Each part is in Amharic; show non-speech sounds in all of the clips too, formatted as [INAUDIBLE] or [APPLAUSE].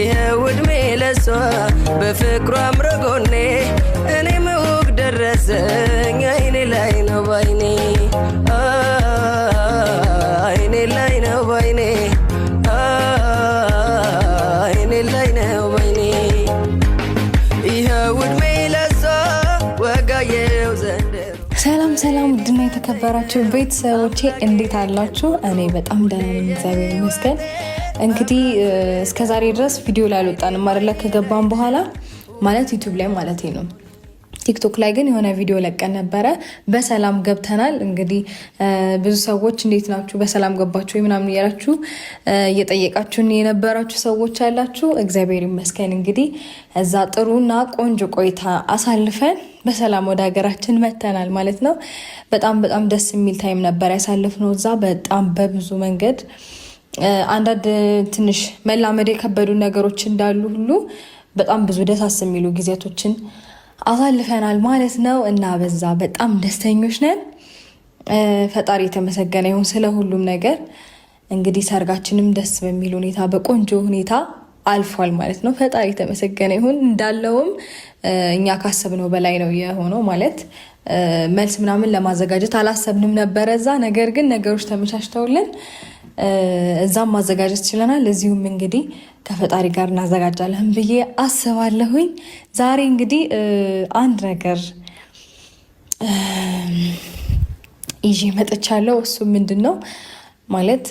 ይኸው ዕድሜ ለሷ በፍቅሯ አምረጎኔ ውድና የተከበራችሁ ቤተሰቦቼ እንዴት አላችሁ? እኔ በጣም ደህና ነኝ፣ እግዚአብሔር ይመስገን። እንግዲህ እስከዛሬ ድረስ ቪዲዮ ላይ አልወጣንም አይደለ? ከገባን በኋላ ማለት ዩቱብ ላይ ማለት ነው ቲክቶክ ላይ ግን የሆነ ቪዲዮ ለቀን ነበረ። በሰላም ገብተናል። እንግዲህ ብዙ ሰዎች እንዴት ናችሁ፣ በሰላም ገባችሁ ምናምን እያላችሁ እየጠየቃችሁን የነበራችሁ ሰዎች ያላችሁ፣ እግዚአብሔር ይመስገን። እንግዲህ እዛ ጥሩና ቆንጆ ቆይታ አሳልፈን በሰላም ወደ ሀገራችን መተናል ማለት ነው። በጣም በጣም ደስ የሚል ታይም ነበር ያሳልፍነው እዛ በጣም በብዙ መንገድ አንዳንድ ትንሽ መላመድ የከበዱ ነገሮች እንዳሉ ሁሉ በጣም ብዙ ደሳስ የሚሉ ጊዜያቶችን አሳልፈናል ማለት ነው እና በዛ በጣም ደስተኞች ነን። ፈጣሪ የተመሰገነ ይሁን ስለ ሁሉም ነገር። እንግዲህ ሰርጋችንም ደስ በሚል ሁኔታ በቆንጆ ሁኔታ አልፏል ማለት ነው። ፈጣሪ የተመሰገነ ይሁን። እንዳለውም እኛ ካሰብነው በላይ ነው የሆነው ማለት መልስ ምናምን ለማዘጋጀት አላሰብንም ነበረ እዛ። ነገር ግን ነገሮች ተመቻችተውልን እዛም ማዘጋጀት ችለናል። እዚሁም እንግዲህ ከፈጣሪ ጋር እናዘጋጃለን ብዬ አስባለሁኝ። ዛሬ እንግዲህ አንድ ነገር ይዤ መጥቻለሁ። እሱ ምንድን ነው ማለት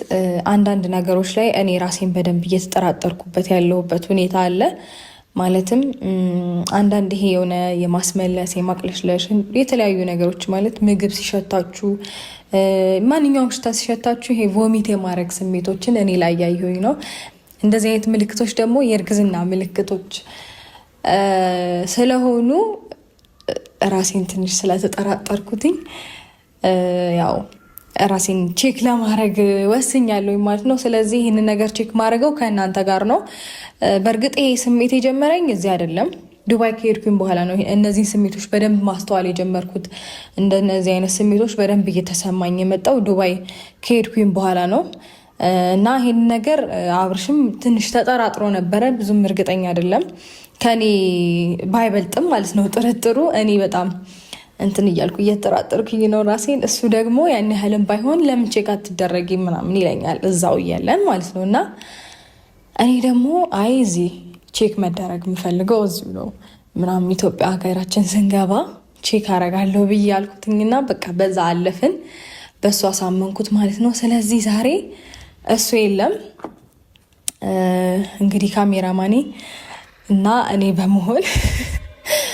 አንዳንድ ነገሮች ላይ እኔ ራሴን በደንብ እየተጠራጠርኩበት ያለሁበት ሁኔታ አለ። ማለትም አንዳንድ ይሄ የሆነ የማስመለስ የማቅለሽለሽ የተለያዩ ነገሮች ማለት ምግብ ሲሸታችሁ፣ ማንኛውም ሽታ ሲሸታችሁ ይሄ ቮሚት የማድረግ ስሜቶችን እኔ ላይ ያየሁኝ ነው። እንደዚህ አይነት ምልክቶች ደግሞ የእርግዝና ምልክቶች ስለሆኑ ራሴን ትንሽ ስለተጠራጠርኩትኝ ያው ራሴን ቼክ ለማድረግ ወስኛለሁ ማለት ነው። ስለዚህ ይህንን ነገር ቼክ ማድረገው ከእናንተ ጋር ነው። በእርግጥ ይሄ ስሜት የጀመረኝ እዚህ አይደለም ዱባይ ከሄድኩኝ በኋላ ነው እነዚህን ስሜቶች በደንብ ማስተዋል የጀመርኩት። እንደነዚህ አይነት ስሜቶች በደንብ እየተሰማኝ የመጣው ዱባይ ከሄድኩኝ በኋላ ነው። እና ይሄን ነገር አብርሽም ትንሽ ተጠራጥሮ ነበረ። ብዙም እርግጠኛ አይደለም ከኔ ባይበልጥም ማለት ነው ጥርጥሩ። እኔ በጣም እንትን እያልኩ እየተጠራጠርኩኝ ነው ራሴን። እሱ ደግሞ ያን ያህልም ባይሆን ለምን ቼክ አትደረጊ ምናምን ይለኛል እዛው እያለን ማለት ነው። እና እኔ ደግሞ አይ እዚህ ቼክ መደረግ የምፈልገው እዚሁ ነው ምናምን ኢትዮጵያ ሀገራችን ስንገባ ቼክ አረጋለሁ ብዬ አልኩትኝና በቃ በዛ አለፍን። በእሱ አሳመንኩት ማለት ነው። ስለዚህ ዛሬ እሱ የለም። እንግዲህ ካሜራማኔ እና እኔ በመሆን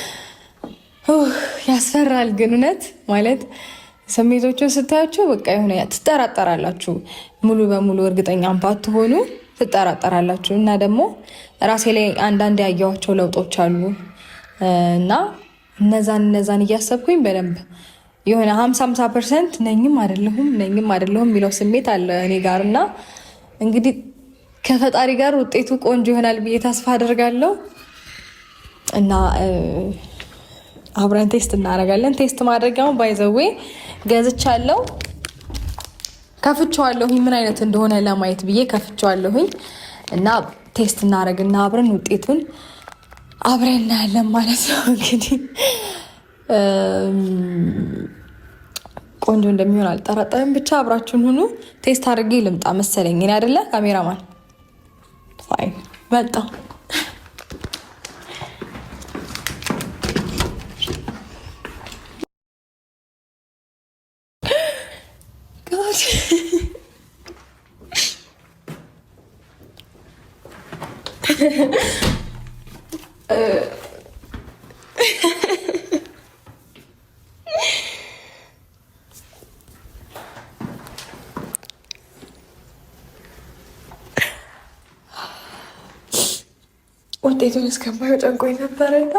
[LAUGHS] ያስፈራል። ግን እውነት ማለት ስሜቶችን ስታያቸው በቃ የሆነ ትጠራጠራላችሁ። ሙሉ በሙሉ እርግጠኛ ባትሆኑ ትጠራጠራላችሁ። እና ደግሞ ራሴ ላይ አንዳንድ ያየኋቸው ለውጦች አሉ እና እነዛን እነዛን እያሰብኩኝ በደንብ የሆነ ሀምሳ ሀምሳ ፐርሰንት ነኝም አይደለሁም ነኝም አይደለሁም የሚለው ስሜት አለ እኔ ጋር እና እንግዲህ ከፈጣሪ ጋር ውጤቱ ቆንጆ ይሆናል ብዬ ተስፋ አደርጋለሁ እና አብረን ቴስት እናደርጋለን። ቴስት ማድረጊያውን ባይዘዌ ገዝቻለሁ። ከፍቼዋለሁኝ ምን አይነት እንደሆነ ለማየት ብዬ ከፍቼዋለሁኝ እና ቴስት እናደርግና አብረን ውጤቱን አብረን እናያለን ማለት ነው እንግዲህ ቆንጆ እንደሚሆን አልጠራጠርም። ብቻ አብራችሁን ሁኑ። ቴስት አድርጌ ልምጣ መሰለኝ እኔ አይደለ ካሜራማን ፋይን መጣ ውጤቱን እስከማየው ጨንቆኝ ነበረና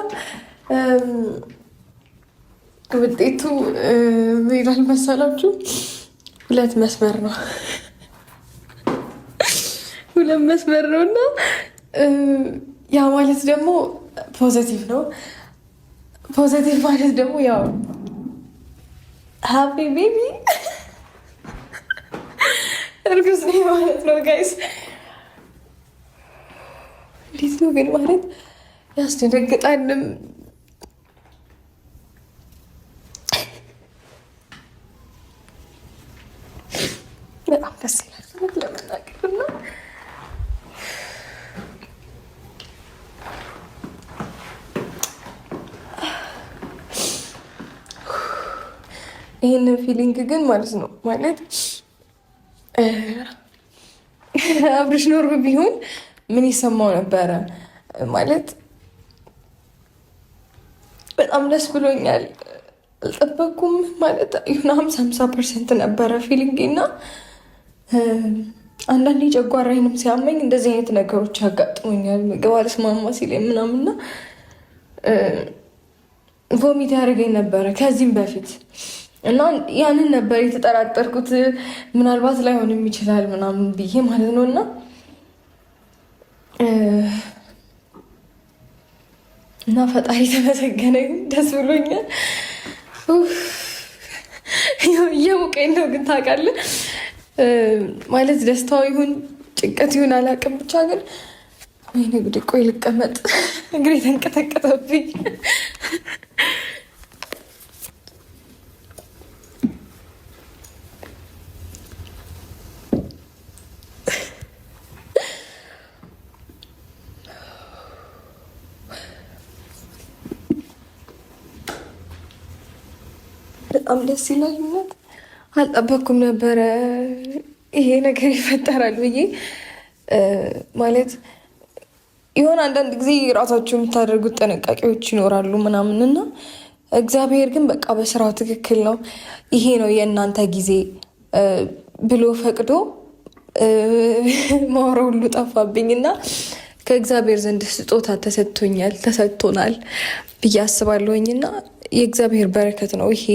ውጤቱ ምን ይላል መሰላችሁ? ሁለት መስመር ነው። [LAUGHS] ሁለት መስመር ነው እና ያ ማለት ደግሞ ፖዘቲቭ ነው። ፖዘቲቭ ማለት ደግሞ ያው ሃፒ ቤቢ [LAUGHS] እርጉዝ ነኝ ማለት ነው ጋይስ እንዴት ነው ግን ማለት ያስደነግጣልም። በጣም ደስ ይላል ለመናገር እና ይህንን ፊሊንግ ግን ማለት ነው ማለት አብርሽ ኖርብ ቢሆን ምን ይሰማው ነበረ ማለት በጣም ደስ ብሎኛል። አልጠበኩም ማለት የሆነ ሀምሳ ሀምሳ ፐርሰንት ነበረ ፊሊንግ እና አንዳንዴ ጨጓራዬንም ሲያመኝ እንደዚህ አይነት ነገሮች ያጋጥሙኛል። ምግብ አልስማማ ሲለኝ ምናምንና ቮሚት ያደርገኝ ነበረ ከዚህም በፊት እና ያንን ነበር የተጠራጠርኩት ምናልባት ላይሆንም ይችላል ምናምን ብዬ ማለት ነው እና እና ፈጣሪ ተመሰገነ ይሁን። ደስ ብሎኛል። እየሞቀኝ ነው ግን ታውቃለህ፣ ማለት ደስታው ይሁን ጭንቀት ይሁን አላውቅም፣ ብቻ ግን ወይ ንግድ ቆይ ልቀመጥ፣ እንግዲህ ተንቀጠቀጠብኝ። በጣም ደስ ይላል። እውነት አልጠበኩም ነበረ ይሄ ነገር ይፈጠራል ብዬ ማለት የሆነ አንዳንድ ጊዜ ራሳችሁ የምታደርጉት ጥንቃቄዎች ይኖራሉ ምናምን እና እግዚአብሔር ግን በቃ በስራው ትክክል ነው፣ ይሄ ነው የእናንተ ጊዜ ብሎ ፈቅዶ ማውራው ሁሉ ጠፋብኝ እና ከእግዚአብሔር ዘንድ ስጦታ ተሰጥቶኛል ተሰጥቶናል ብዬ አስባለሁኝ እና የእግዚአብሔር በረከት ነው ይሄ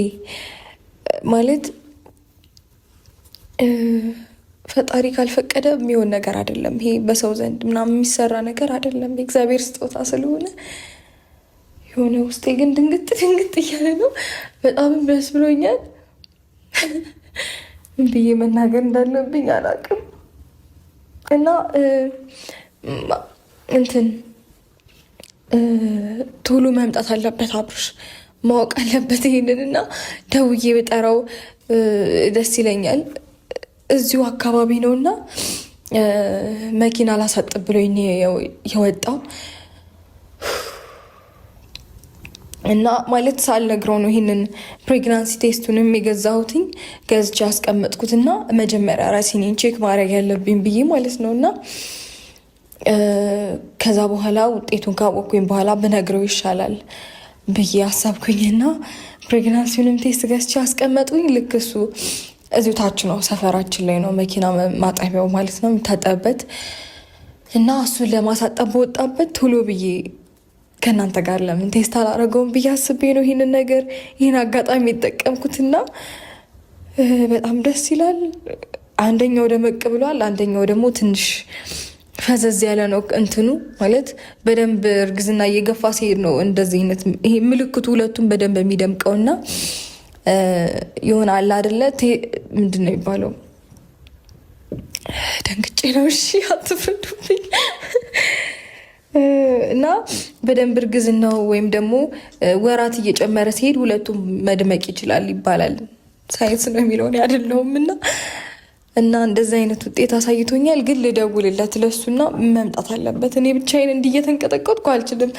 ማለት ፈጣሪ ካልፈቀደ የሚሆን ነገር አይደለም። ይሄ በሰው ዘንድ ምናምን የሚሰራ ነገር አይደለም። የእግዚአብሔር ስጦታ ስለሆነ የሆነ ውስጤ ግን ድንግጥ ድንግጥ እያለ ነው። በጣም ደስ ብሎኛል። ብዬ መናገር እንዳለብኝ አላቅም። እና እንትን ቶሎ መምጣት አለበት አብርሽ ማወቅ አለበት ይሄንን እና ደውዬ ብጠራው ደስ ይለኛል። እዚሁ አካባቢ ነው እና መኪና ላሳጥ ብሎ የወጣው እና ማለት ሳልነግረው ነው ይህንን ፕሬግናንሲ ቴስቱንም የገዛሁትኝ ገዝቼ ያስቀመጥኩት እና መጀመሪያ ራሴን ቼክ ማድረግ ያለብኝ ብዬ ማለት ነው እና ከዛ በኋላ ውጤቱን ካወቅኩኝ በኋላ ብነግረው ይሻላል። ብዬ አሰብኩኝና ፕሬግናንሲውንም ቴስት ገዝቼ አስቀመጡኝ። ልክ እሱ እዚሁ ታች ነው ሰፈራችን ላይ ነው መኪና ማጠቢያው ማለት ነው የሚታጠብበት እና እሱን ለማሳጠብ በወጣበት ቶሎ ብዬ ከእናንተ ጋር ለምን ቴስት አላረገውም ብዬ አስቤ ነው ይህንን ነገር ይህን አጋጣሚ የጠቀምኩትና በጣም ደስ ይላል። አንደኛው ደመቅ ብሏል፣ አንደኛው ደግሞ ትንሽ ፈዘዝ ያለ ነው እንትኑ ማለት በደንብ እርግዝና እየገፋ ሲሄድ ነው እንደዚህ አይነት ይሄ ምልክቱ ሁለቱም በደንብ የሚደምቀውና የሆነ አለ አደለ ምንድን ነው የሚባለው? ደንግጬ ነው። እሺ አትፍረዱብኝ። እና በደንብ እርግዝናው ወይም ደግሞ ወራት እየጨመረ ሲሄድ ሁለቱም መድመቅ ይችላል ይባላል። ሳይንስ ነው የሚለውን አይደለሁም እና እና እንደዚህ አይነት ውጤት አሳይቶኛል። ግን ልደውልለት ለሱና መምጣት አለበት። እኔ ብቻዬን እንዲህ አልችልም።